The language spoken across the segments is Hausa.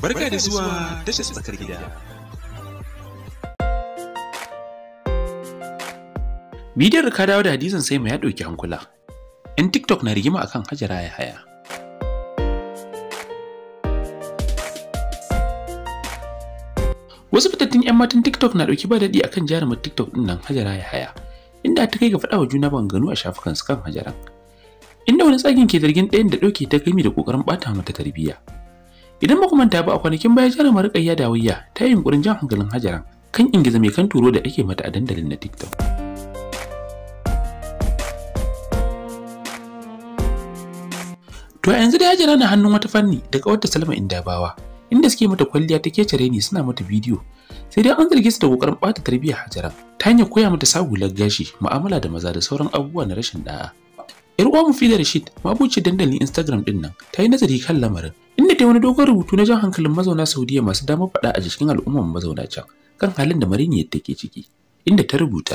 Barka da zuwa tashar tsakar gida. Bidiyar ka dawo da hadizan sai mu ya ɗauki hankula. 'Yan TikTok na rigima akan Hajara ya haya. Wasu fitattun 'yan matan TikTok na ɗauki ba daɗi akan jarumin TikTok ɗin nan Hajara ya haya, inda ta kai ga faɗa wa juna gano a shafukan su kan Hajaran. Inda wani tsagin ke zargin ɗayan da ɗauke ta gami da ƙoƙarin ɓata mata tarbiyya. idan ba manta ba a kwanakin baya jarumar Rukayya Dawiyya ta yi yunkurin jan hankalin Hajaran kan ingiza mai kan turo da ake mata a dandalin na TikTok. To a yanzu da Hajara na hannun wata fanni daga wata inda bawa inda suke mata kwalliya ta cire ni suna mata bidiyo sai dai an zarge su da kokarin bata tarbiyyar Hajara ta hanyar koya mata sabular gashi mu'amala da maza da sauran abubuwa na rashin da'a yar uwa mu Mufida Rashid mabuci dandalin Instagram din nan ta yi nazari kan lamarin inda ta wani dogon rubutu na jan hankalin mazauna Saudiya masu damar faɗa a jikin al'ummar mazauna can kan halin da mariniyar take ciki inda ta rubuta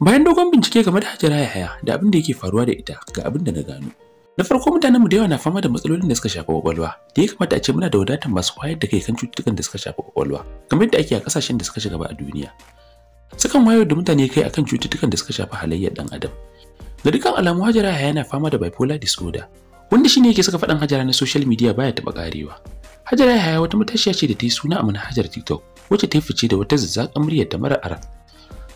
bayan dogon bincike game da Hajara Yahaya da abin da yake faruwa da ita ga abin da na gano na farko mutanen mu da yawa na fama da matsalolin da suka shafi kwakwalwa da ya kamata a ce muna da wadatar masu wayar da kai kan cututtukan da suka shafi kwakwalwa kamar yadda ake a kasashen da suka shiga a duniya sukan wayar da mutane kai akan cututtukan da suka shafi halayyar dan adam ga dukkan alamu Hajara Yahaya na fama da bipolar disorder wanda shine yake saka faɗan Hajara na social media baya taba karewa. Hajara Yahaya wata matashiya ce da ta yi suna a manhajar TikTok wacce ta fice da wata zazzakan murya da mara ara.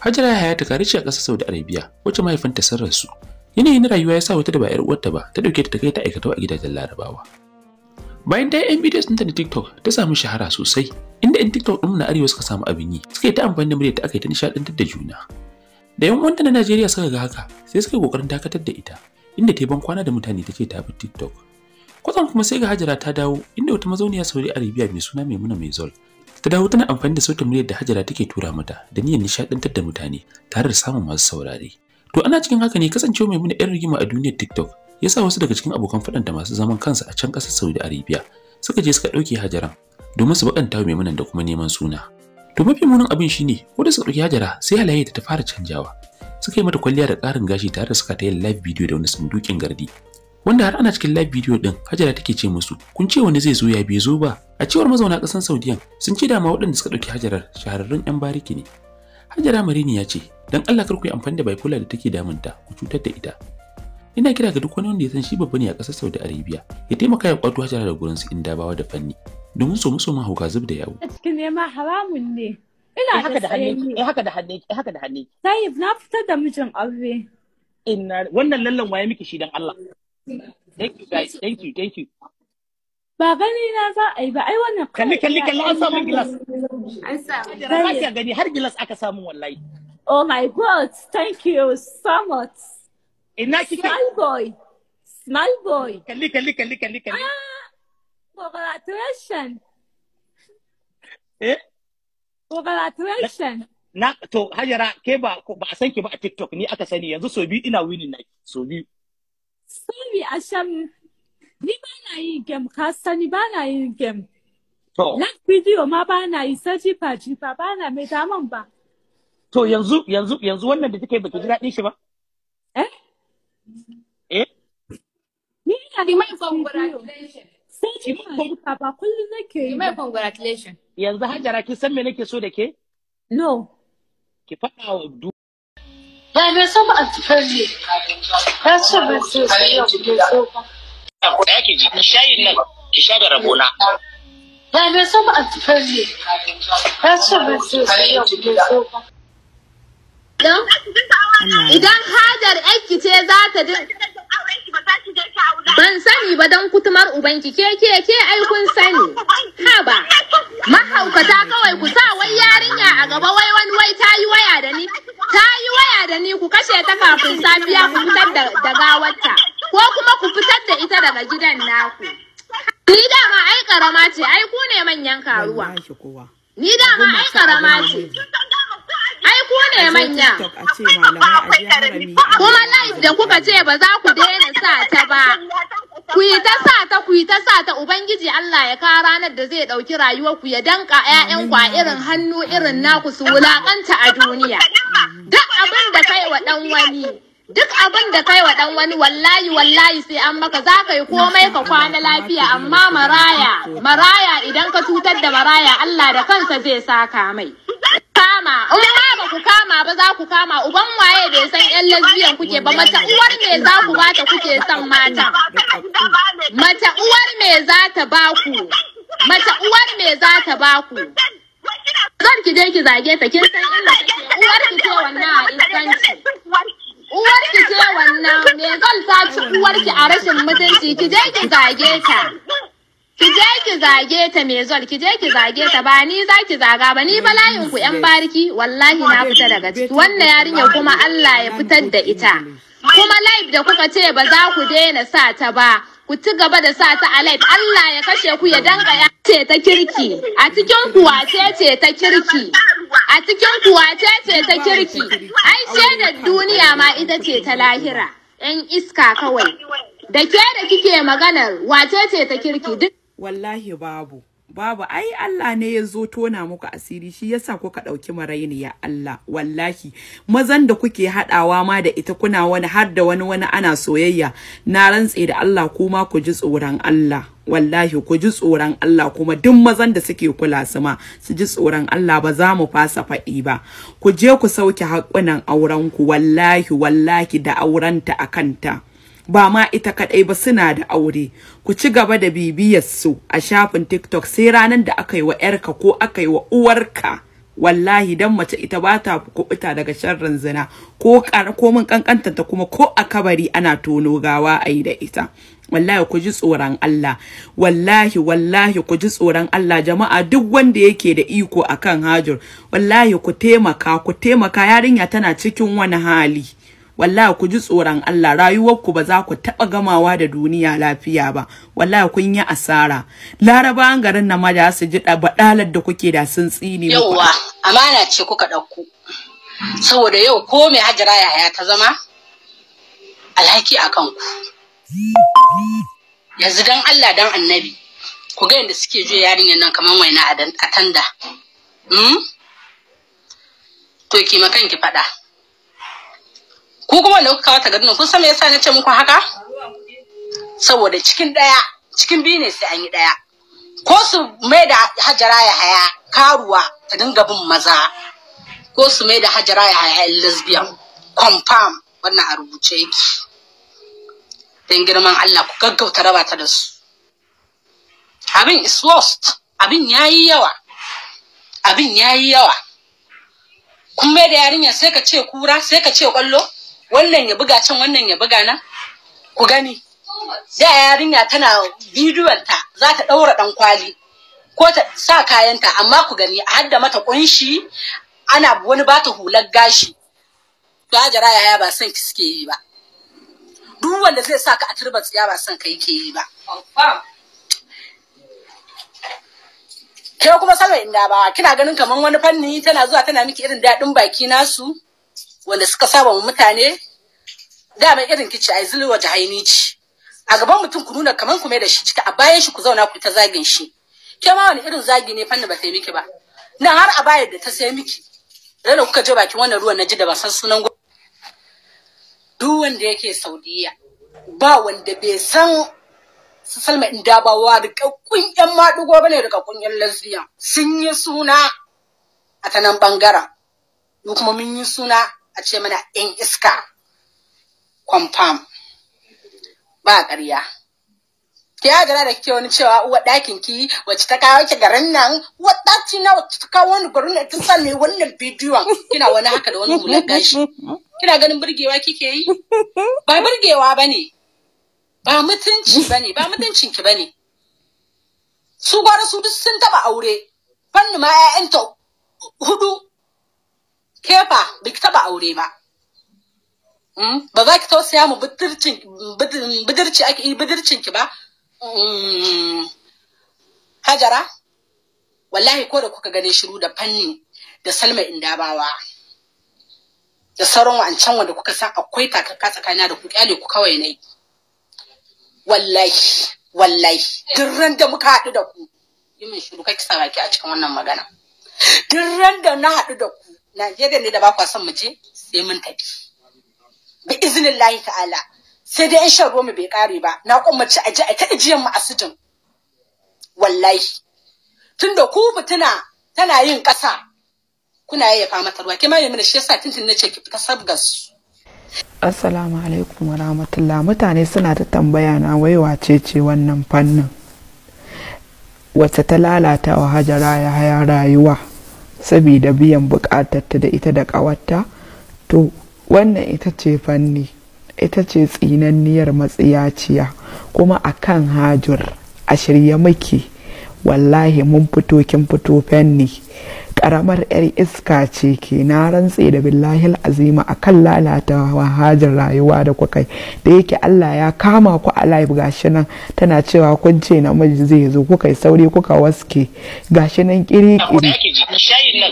Hajara Yahaya ta kare ce a ƙasar Saudi Arabia wacce mahaifinta sun rasu. Yanayin rayuwa ya sa wata da ba 'yar uwarta ba ta ɗauke ta kai ta aikata a gidajen Larabawa. Bayan ta yi ‘yan bidiyo ɗinta na TikTok ta samu shahara sosai, inda ‘yan TikTok ɗinmu na Arewa suka samu abin yi, suka yi ta amfani da muryar da aka yi ta nishaɗantar da juna. Da ‘yan uwanta na Najeriya suka ga haka, sai suka yi ƙoƙarin dakatar da ita, inda ta yi bankwana da mutane ta ta bi TikTok. Kwatsam kuma sai ga Hajara ta dawo inda wata mazauniya Saudi Arabia mai suna Maimuna mai zol ta dawo tana amfani da sautin muryar da Hajara take tura mata da niyyar nishadantar da mutane tare da samun masu saurare. To ana cikin haka ne kasancewa Maimuna 'yan rigima a duniyar TikTok yasa wasu daga cikin abokan faɗan da masu zaman kansa a can ƙasar Saudi Arabia suka je suka ɗauke Hajaran domin su bakanta Maimunan da kuma neman suna. To mafi munin abin shine ko da suka ɗauki Hajara sai halayya ta fara canjawa suka yi mata kwalliya da ƙarin gashi tare da suka ta yin live video da wani sandukin gardi wanda har ana cikin live video din Hajara take ce musu kun ce wani zai zo ya bai zo ba a cewar mazauna ƙasar Saudiyan sun ce dama waɗanda suka ɗauki Hajarar shahararrun 'yan bariki ne Hajara Marini ya ce don Allah kar ku yi amfani da bipolar da take damunta ku cutar da ita ina kira ga duk wani wanda ya san shi babba ne a ƙasar Saudi Arabia ya taimaka ya kwato Hajara da gurin su inda bawa da fanni domin so musu ma hauka zub da yawo a cikin neman haramun ne ina eh, haka da hannun eh haka da hannun eh, haka da hannun sai na fitar da mijin aure inna wannan lallan waye miki shi dan Allah thank you guys thank you thank you ba gani na za a yi ba ai wannan kalli kalli kalli an samu gilas an samu gilas gani har gilas aka samu wallahi oh my god thank you so much ina kike small boy small boy kalli kalli kalli kalli kalli ah, congratulations eh congratulations. Na to Hajara ke ba ba a san ki ba a TikTok ni aka sani yanzu so biyu ina winning na so biyu. Sorry Asham ni ba na yi game ka sani ba na yi game. To. Last video ma ba na yi sai jifa jifa ba na mai daman ba. To yanzu yanzu yanzu wannan da take baki ji daɗin shi ba? Eh? Eh? Ni ina da mai congratulations. sai ki ba kullum nake yi mai congratulation yanzu hajara kin san me nake so da ke no ki faɗa wa du ba na san ba alfar ne ta ce ba sai ya so ba ko da yake ji nan ki sha da rabona ba ne ce ba sai sai ya so ba idan hajar yanki ce za ta dinga Ban sani ba don kutumar ubanki ke ke ke ai kun sani. ba. mahaukata kawai ku sa wai yarinya a gaba wai wani wai ta yi waya da ni. Ta yi waya da ni ku kashe ta kafin safiya ku fitar da gawarta. Ko kuma ku fitar da ita daga gidan naku. Ni dama ai karama ce, ai ku ne manyan karuwa. Ni dama ai karama ce. ne manya. Kuma live da kuka ce ba za ku daina sa ta ba. Ku yi ta sa ta ku yi ta sa ta Ubangiji Allah ya ka ranar da zai ɗauki rayuwar ku ya danka ƴaƴan a irin hannu irin naku su wulakanta a duniya. Duk abin da kai wa ɗan wani. duk abin da kai wa dan wani wallahi wallahi sai an maka za ka yi komai ka kwana lafiya amma maraya maraya idan ka cutar da maraya Allah da kansa zai saka mai kama in ma ba ku kama ba za ku kama uban waye bai san yan lesbian kuke ba mace uwar me za ku ba ta kuke son mata mace uwar me za ta ba ku mace uwar me za ta ba ku zan ki je ki zage ta kin san inda kike uwar ki ce wannan a iskanci uwar ki ce wannan me zan ta ci uwar ki a rashin mutunci ki je ki zage ta ki je ki zage ta me zol ki je ki zage ta ba ni za ki zaga ba ni bala'in ku yan bariki wallahi na fita daga ciki wannan yarinya kuma Allah ya fitar da ita kuma live da kuka ce ba za ku daina sa ta ba ku ci gaba da sa ta a live Allah ya kashe ku ya danga ya ce ta kirki a cikin ku wace ce ta kirki a cikin ku wace ce ta kirki ai shaidar duniya ma ita ce ta lahira yan iska kawai da ke da kike maganar wace ce ta kirki duk wallahi babu babu ai Allah ne ya zo tona muku asiri shi yasa kuka ɗauki marainiya Allah wallahi mazan da kuke haɗawa ma da ita kuna wani har da wani wani ana soyayya na rantse da Allah kuma ku ji tsoron Allah wallahi ku ji tsoron Allah kuma duk mazan da suke kula su ma su ji tsoron Allah ba za mu fasa faɗi ba ku je ku sauke haƙunan aurenku wallahi wallahi da aurenta a kanta ba ma ita kadai ba suna da aure ku ci gaba da bibiyar su a shafin TikTok sai ranar da aka yi wa yarka ko aka yi wa uwarka wallahi dan mace ita ba ta kubuta daga sharrin zina ko ko mun kankantanta kuma ko a kabari ana tono gawa a yi da ita wallahi ku ji tsoron Allah wallahi wallahi ku ji tsoron Allah jama'a duk wanda yake da iko akan hajur wallahi ku taimaka ku taimaka yarinya tana cikin wani hali wallahi ku ji tsoron Allah rayuwarku ba za ku taɓa gamawa da duniya lafiya ba wallahi kun yi asara Laraba an garin nan ma da su ji badalar da kuke da sun tsini yauwa amana ce kuka ɗauko saboda yau ko mai hajara Yahaya ta zama alhaki a kanku yanzu dan Allah dan annabi ku ga yadda suke juya yarinyar nan kamar waina a tanda hmm? to ki makan ki faɗa ku kuma wanda kuka kawo takardun kun san me yasa na ce muku haka saboda cikin daya cikin biyu ne sai an yi daya ko su mai da hajara ya haya karuwa ta dinga bin maza ko su mai da hajara ya haya lesbian confirm wannan a rubuce yake don girman Allah ku gaggauta raba ta da su abin is worst abin ya yi yawa abin ya yi yawa kun mai da yarinya sai ka ce kura sai ka ce kwallo wannan ya buga can wannan ya buga nan ku gani da yarinya tana bidiyon ta za ta daura dan kwali ko ta sa kayanta amma ku gani a hadda mata kunshi ana wani ba ta hular gashi to hajara yaya ba son ki suke yi ba duk wanda zai sa ka a turban tsiya ba son kai ke yi ba ke kuma salwa inda ba kina ganin kamar wani fanni tana zuwa tana miki irin daɗin baki nasu wanda suka saba wa mutane dama irin kici ai zulwa jahaini ci a gaban mutum ku nuna kaman ku mai da shi cika a bayan shi ku zauna ku ta zagin shi ke ma wani irin zagi ne fanna ba ta yi miki ba nan har a bayar da ta sai miki rana kuka je bakin wannan ruwan naji da ba san sunan duk wanda yake saudiya ba wanda bai san su salma inda ba wa rikakkun yan maɗugo bane rikakkun yan lasiya sun yi suna a ta nan bangaren kuma mun yi suna a ce mana in iska kwamfam ba ƙarya ki hagara da kike wani cewa uwa ɗakin ki wacce ta kawo ki garin nan uwa ɗaki na wacce ta kawo wani garin nan tun san me wannan bidiyon kina wani haka da wani hular gashi kina ganin burgewa kike yi ba burgewa bane ba mutunci bane ba mutuncin ki bane su gwara su duk sun taba aure fannu ma 'ya'yanta hudu Kefa bai ki taba aure ba hmm? ba za ki tausaya mu budurci ake yi budurcin ki ba hmm. hajara wallahi ko da kuka gane shiru da fanni da salma indabawa da sauran wancan wanda kuka san akwai takarka tsakanin da ku kyale ku kawai ne wallahi wallahi duk ran da muka haɗu da ku yi min shiru kake sa baki a cikin wannan magana duk ran da na haɗu da ku Najeriya ne da ba kwa son mu je sai mun tafi. Bi izinin layi ta'ala sai dai in shan mu bai kare ba na kummaci a je a ta ijiyan mu asijin. Wallahi. Tunda ku mutuna tana yin kasa kuna fa mata ruwa kima yamin shi yasa tintin nace ki fita sabgas. Assalamu alaikum wa rahmatullah mutane suna ta tambaya na wai wace ce wannan fannin. Wace ta lalata wa hajara ya haya rayuwa. saboda biyan bukatarta da ita da kawarta to wannan ita ce fanni ita ce tsinanniyar matsiyaciya kuma a kan hajur a shirye muke wallahi mun fito kin fito fanni karamar yar iska ce ke na rantse da billahi azima a kan lalata hajar rayuwa da kwakai da yake allah ya kama ku a live gashi nan tana cewa kun ce namiji zai zo kuka yi sauri kuka waske gashi nan kiri kiri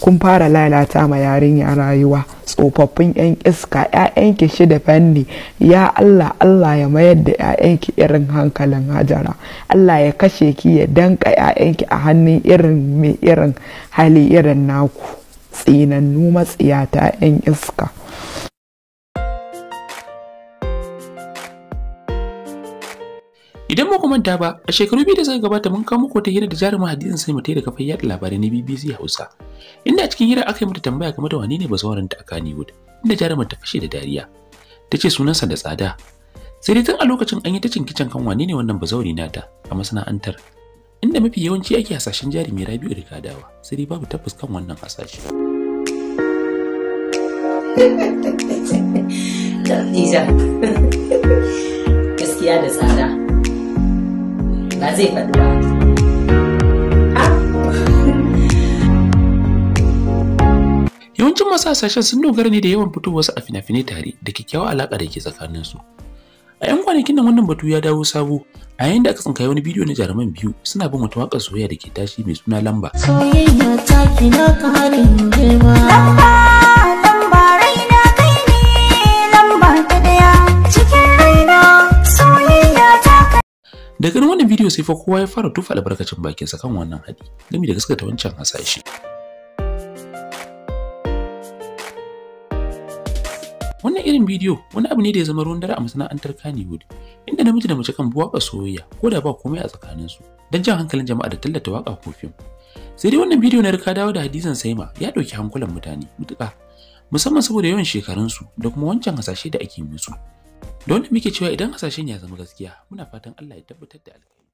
kun fara lalata ma yarinya rayuwa tsofaffin 'yan iska 'ya'yanki shida fanni ya allah allah ya mayar da 'ya'yanki irin hankalin hajara allah ya kashe ki ya danka 'ya'yanki a hannun irin mai irin hali irin naku tsinannu matsiyata 'yan iska Idan muku manta ba, a shekaru biyu da suka gabata mun kawo muku ta hira da jarumin hadisin sai mutai da kafin yaɗa labarai na BBC Hausa. Inda a cikin hira aka yi mata tambaya game da wane ne bazawaran ta a Kannywood, inda jarumin ta fashe da dariya. Ta ce sunansa da tsada. Sai dai tun a lokacin an yi ta cinkicen kan wane ne wannan bazawari nata a masana'antar. Inda mafi yawanci ake hasashen jarumi Rabi'u da Kadawa, sai dai babu tabbas kan wannan hasashe. Gaskiya da tsada. ba yawancin masu hasashen sun dogara ne da yawan fitowar su a fina-finai tare da kyakkyawar alaƙa da ke tsakanin su a 'yan kwanakin nan wannan batu ya dawo sabo a yayin da aka tsinkaye wani bidiyo na jaruman biyu suna bin wata waƙar soyayya da ke tashi mai suna lamba soyayya ta girma Da ganin wannan bidiyo sai fa kowa ya fara tufa albarkacin bakinsa kan wannan hadi gami da gaskata wancan hasashe. Wannan irin bidiyo wani abu ne da ya zama ruwan dare a masana'antar kanewood inda namiji da mace kan buwaƙa soyayya ko da ba komai a tsakaninsu, don jan hankalin jama'a da tallata waka ko fim. Sai dai wannan bidiyo na rika dawo da hadisan Saima ya ɗauki hankulan mutane mutuƙa, musamman saboda yawan shekarunsu da kuma wancan hasashe da ake musu. da muke cewa idan hasashen ya zama gaskiya muna fatan Allah ya tabbatar da alkhairi